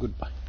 Goodbye.